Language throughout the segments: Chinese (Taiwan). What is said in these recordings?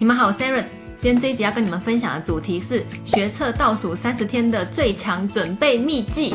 你們好，我是 Erin，今天這一集要跟你們分享的主題是學測倒數三十天的最強準備祕技。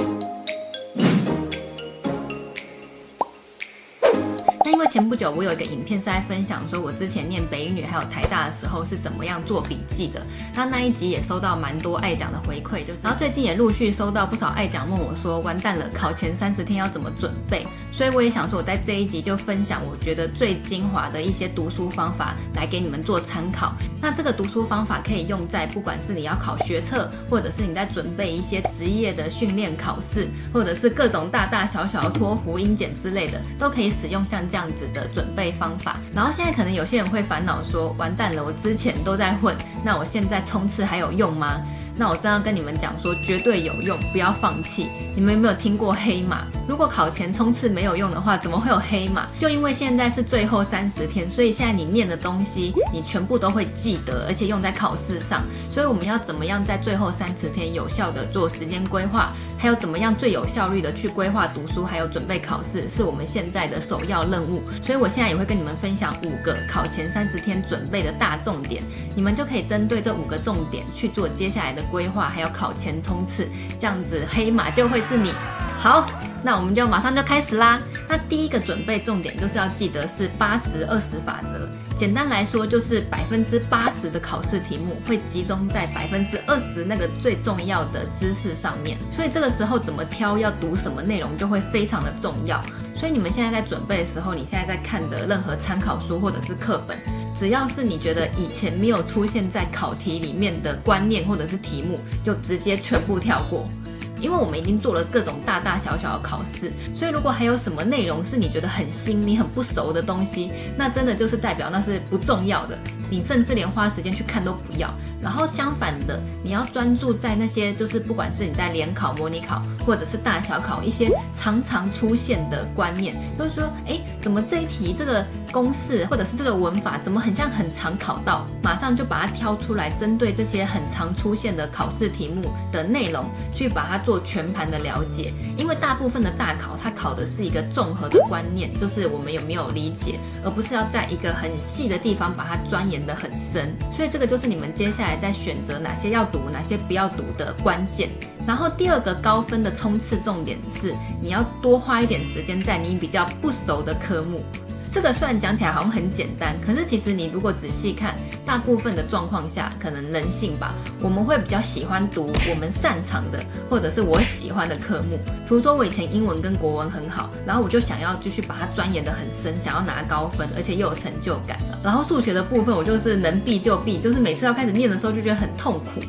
前不久，我有一個影片是在分享，說我之前念北一女還有台大的時候是怎麼樣做筆記的。那那一集也收到蠻多愛講的回饋，就是然後最近也陸續收到不少愛講問我說，完蛋了，考前三十天要怎麼準備？所以我也想說，我在這一集就分享我覺得最精華的一些讀書方法，來給你們做參考。那這個讀書方法可以用在不管是你要考學測，或者是你在準備一些職業的訓練考試，或者是各種大大小小的托福、英檢之類的，都可以使用，像這樣子。的準備方法，然後現在可能有些人會煩惱說：“完蛋了，我之前都在混，那我現在衝刺還有用嗎？”那我正要跟你們講說，絕對有用，不要放棄。你們有沒有聽過黑馬？如果考前衝刺沒有用的話，怎麼會有黑馬？就因為現在是最後三十天，所以現在你念的東西，你全部都會記得，而且用在考試上。所以我們要怎麼樣在最後三十天有效的做時間規劃，還有怎麼樣最有效率的去規劃讀書，還有準備考試，是我們現在的首要任務。所以我現在也會跟你們分享五個考前三十天準備的大重點，你們就可以針對這五個重點去做接下來的。規劃還有考前衝刺，這樣子黑馬就會是你。好，那我們就馬上就開始啦。那第一個準備重點就是要記得是八十二十法則，簡單來說就是百分之八十的考試題目會集中在百分之二十那個最重要的知識上面。所以這個時候怎麼挑要讀什麼內容就會非常的重要。所以你們現在在準備的時候，你現在在看的任何參考書或者是課本。只要是你覺得以前沒有出現在考題裡面的觀念或者是題目，就直接全部跳過，因為我們已經做了各種大大小小的考試，所以如果還有什麼內容是你覺得很新，你很不熟的東西，那真的就是代表那是不重要的，你甚至連花時間去看都不要。然後相反的，你要專注在那些就是不管是你在聯考、模擬考或者是大小考一些常常出現的觀念，就是說，欸，怎麼這一題這個？公式或者是這個文法，怎麼很像很常考到？馬上就把它挑出來，針對這些很常出現的考試題目的內容，去把它做全盤的了解。因為大部分的大考，它考的是一個綜合的觀念，就是我們有沒有理解，而不是要在一個很細的地方把它鑽研得很深。所以這個就是你們接下來在選擇哪些要讀，哪些不要讀的關鍵。然後第二個高分的衝刺重點是，你要多花一點時間在你比較不熟的科目。這個算講起來好像很簡單，可是其實你如果仔細看，大部分的狀況下，可能人性吧，我們會比較喜歡讀我們擅長的，或者是我喜歡的科目。比如說我以前英文跟國文很好，然後我就想要繼續把它鑽研得很深，想要拿高分，而且又有成就感了。然後數學的部分，我就是能避就避，就是每次要開始念的時候就覺得很痛苦。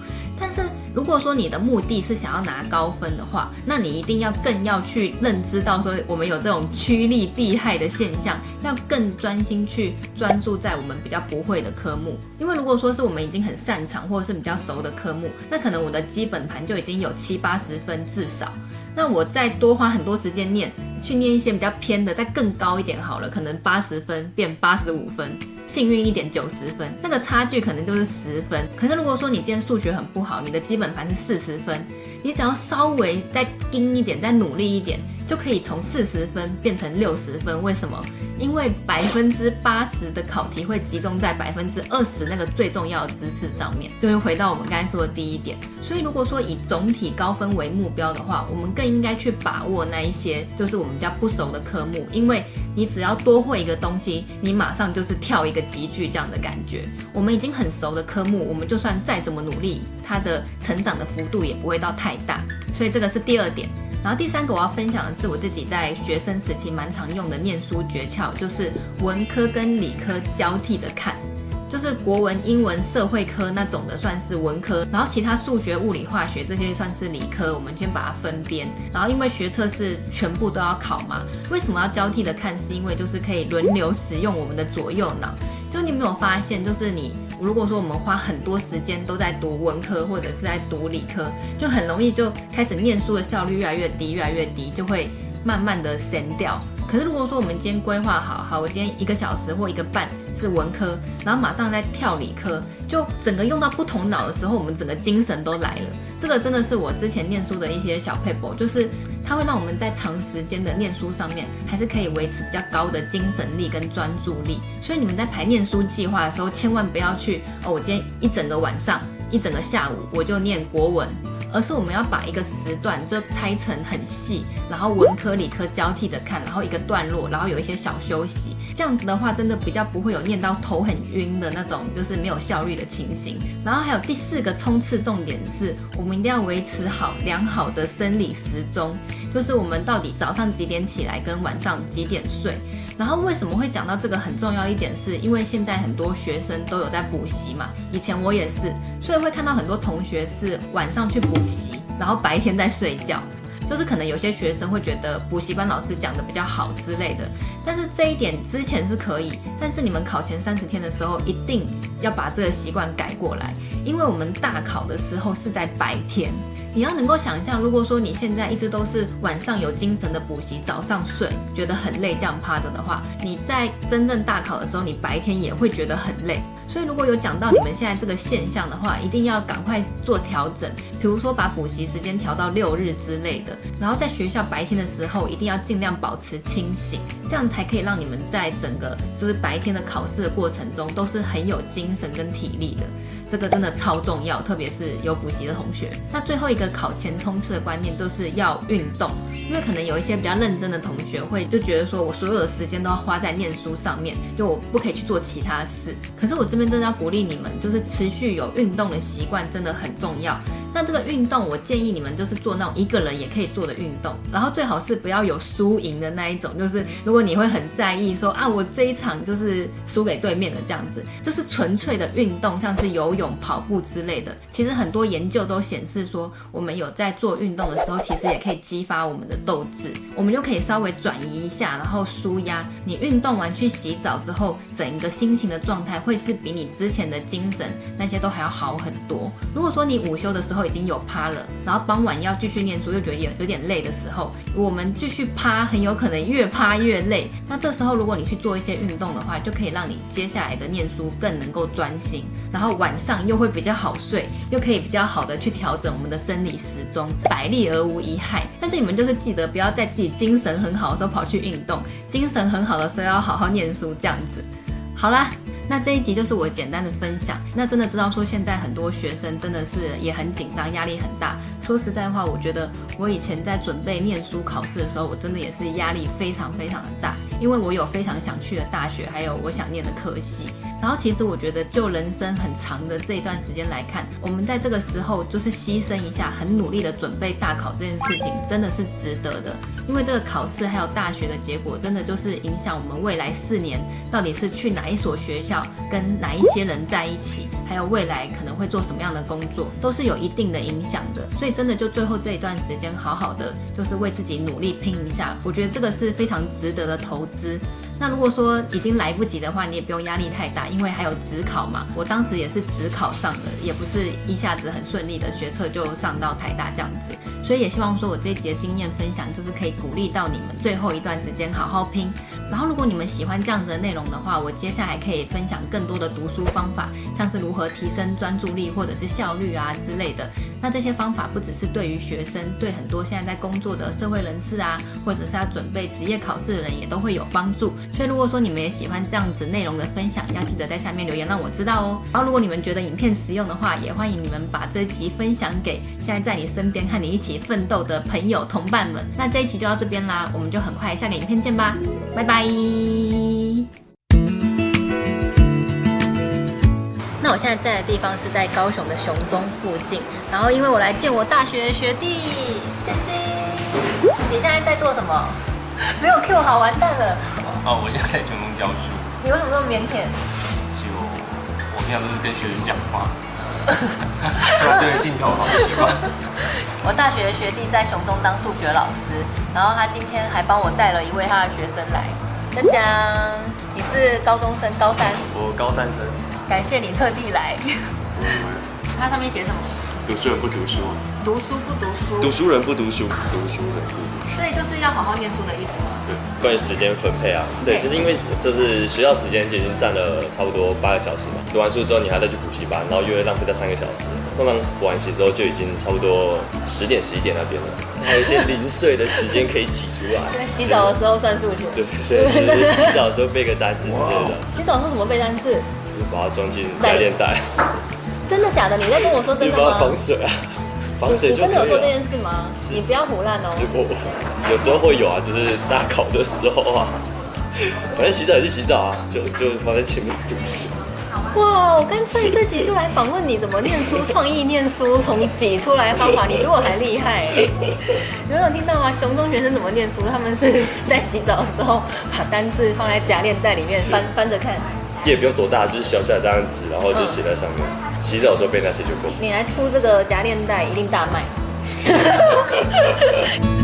如果說你的目的是想要拿高分的話，那你一定要更要去認知到說我們有這種趨利避害的現象，要更專心去專注在我們比較不會的科目。因為如果說是我們已經很擅長或者是比較熟的科目，那可能我的基本盤就已經有七八十分至少。那我再多花很多時間念，去念一些比較偏的，再更高一點好了，可能八十分變八十五分，幸運一點九十分，那個差距可能就是十分。可是如果說你今天數學很不好，你的基本盤是四十分，你只要稍微再盯一點，再努力一點。就可以從四十分變成六十分，為什麼？因為百分之八十的考題會集中在百分之二十那個最重要的知識上面，就會回到我們剛才說的第一點。所以，如果說以總體高分為目標的話，我們更應該去把握那一些就是我們比較不熟的科目，因為，你只要多會一個東西，你馬上就是跳一個級距這樣的感覺。我們已經很熟的科目，我們就算再怎麼努力，它的成長的幅度也不會到太大。所以這個是第二點。然後第三個我要分享的是我自己在學生時期蠻常用的念書訣竅，就是文科跟理科交替著看。就是國文、英文、社會科那種的，算是文科；然後其他數學、物理、化學這些算是理科。我們先把它分邊，然後因為學測是全部都要考嘛，為什麼要交替的看？是因為就是可以輪流使用我們的左右腦。就你有沒有發現，就是你如果說我們花很多時間都在讀文科或者是在讀理科，就很容易就開始念書的效率越來越低，越來越低，就會慢慢的刪掉。可是如果說我們今天規劃好，好，我今天一個小時或一個半是文科，然後馬上再跳理科，就整個用到不同腦的時候，我們整個精神都來了。這個真的是我之前念書的一些小撇步，就是它會讓我們在長時間的念書上面，還是可以維持比較高的精神力跟專注力。所以你們在排念書計劃的時候，千萬不要去哦，我今天一整個晚上，一整個下午，我就念國文。而是我們要把一個時段就拆成很細，然後文科理科交替着看，然後一個段落，然後有一些小休息，這樣子的話，真的比較不會有念到頭很暈的那種，就是沒有效率的情形。然後還有第四個衝刺重點是，我們一定要維持好良好的生理時鐘，就是我們到底早上幾點起來，跟晚上幾點睡。然後為什麼會講到這個很重要一點，是因為現在很多學生都有在補習嘛，以前我也是，所以會看到很多同學是晚上去補習，然後白天在睡覺。就是可能有些學生會覺得補習班老師講的比較好之類的，但是這一點之前是可以，但是你們考前三十天的時候一定要把這個習慣改過來，因為我們大考的時候是在白天，你要能夠想象，如果說你現在一直都是晚上有精神的補習，早上睡覺得很累，這樣趴着的話，你在真正大考的時候，你白天也會覺得很累。所以如果有講到你們現在這個現象的話，一定要趕快做調整，比如說把補習時間調到六日之類的，然後在學校白天的時候一定要盡量保持清醒，這樣才可以讓你們在整個就是白天的考試的過程中都是很有精神跟體力的。這個真的超重要，特別是有補習的同學。那最後一個考前衝刺的觀念就是要運動，因為可能有一些比較認真的同學會就覺得說，我所有的時間都要花在念書上面，就我不可以去做其他事。可是我這邊真的要鼓勵你們，就是持續有運動的習慣真的很重要。那這個運動，我建議你們就是做那種一個人也可以做的運動，然後最好是不要有輸贏的那一種，就是如果你會很在意說啊，我這一場就是輸給對面的這樣子，就是純粹的運動，像是游泳、跑步之類的。其實很多研究都顯示說，我們有在做運動的時候，其實也可以激發我們的鬥志，我們就可以稍微轉移一下，然後舒壓。你運動完去洗澡之後，整一個心情的狀態會是比你之前的精神那些都還要好很多。如果說你午休的時候，已經有趴了，然後傍晚要繼續念書，又覺得有有點累的時候，我們繼續趴，很有可能越趴越累。那這時候如果你去做一些運動的話，就可以讓你接下來的念書更能夠專心，然後晚上又會比較好睡，又可以比較好的去調整我們的生理時鐘，百利而無一害。但是你們就是記得，不要在自己精神很好的時候跑去運動，精神很好的時候要好好念書，這樣子。好啦。那這一集就是我簡單的分享，那真的知道說現在很多學生真的是也很緊張，壓力很大。說實在話，我覺得我以前在準備念書考試的時候，我真的也是壓力非常非常的大，因為我有非常想去的大學，還有我想念的科系。然後其實我覺得，就人生很長的這一段時間來看，我們在這個時候就是犧牲一下，很努力的準備大考這件事情，真的是值得的。因為這個考試還有大學的結果，真的就是影響我們未來四年到底是去哪一所學校，跟哪一些人在一起，還有未來可能會做什麼樣的工作，都是有一定的影響的。所以真的就最後這一段時間，好好的就是為自己努力拼一下。我覺得這個是非常值得的投資。那如果說已經來不及的話，你也不用壓力太大，因為還有指考嘛。我當時也是指考上的，也不是一下子很順利的學測就上到台大這樣子。所以也希望說我這一集經驗分享，就是可以鼓勵到你們最後一段時間好好拼。然後如果你們喜歡這樣子的內容的話，我接下來可以分享更多的讀書方法，像是如何提升專注力或者是效率啊之類的。那這些方法不只是對於學生，對很多現在在工作的社會人士啊，或者是要準備職業考試的人也都會有幫助。所以如果說你們也喜歡這樣子內容的分享，要記得在下面留言讓我知道哦。然後如果你們覺得影片實用的話，也歡迎你們把這集分享給現在在你身邊和你一起奮鬥的朋友、同伴們。那這一集就到這邊啦，我們就很快下個影片見吧，拜拜。那我現在在的地方是在高雄的雄中附近，然後因為我來見我大學的學弟謝謝，你現在在做什麼？沒有 Q 好，完蛋了！哦，我現在在雄中教書。你為什麼這麼腼腆？就我平常都是跟學生講話， 然對鏡頭好習慣。 我大學的學弟在雄中當數學老師，然後他今天還幫我帶了一位他的學生來。嘉，你是高中生，高三？我高三生。感謝你特地來。我他上面寫什麼？讀書人不讀書，讀書不讀書，讀書人不讀書，讀書人不讀書。所以就是要好好念書的意思嗎？對，關於時間分配啊，Okay. 對，就是因為就是學校時間就已經占了差不多八個小時嘛。讀完書之後，你還得去補習班，然後又會浪費在三個小時。通常補完習之後就已經差不多十點十一點那邊了，還有一些零碎的時間可以擠出來 就。洗澡的時候算數學。對，對，就是、洗澡的時候背個單詞之類的。洗澡的時候怎麼背單詞？就把它裝進夾鏈袋。真的假的？你在跟我說真的嗎？不要防水啊！防水就你你真的有做這件事嗎？是你不要胡亂哦、喔。有時候會有啊，就是大考的時候啊。反正洗澡也是洗澡啊，就就放在前面讀書。哇！我乾脆自己就來訪問你怎麼念書、創是意念書、從擠出來方法，你比我還厲害、欸。 有沒有聽到啊？雄中學生怎麼念書？他們是在洗澡的時候把單字放在夾鏈袋裡面是翻翻着看。也不用多大，就是小小的這樣子，然後就寫在上面。嗯洗澡的時候背那些就夠。你來出這個夾鏈袋，一定大賣。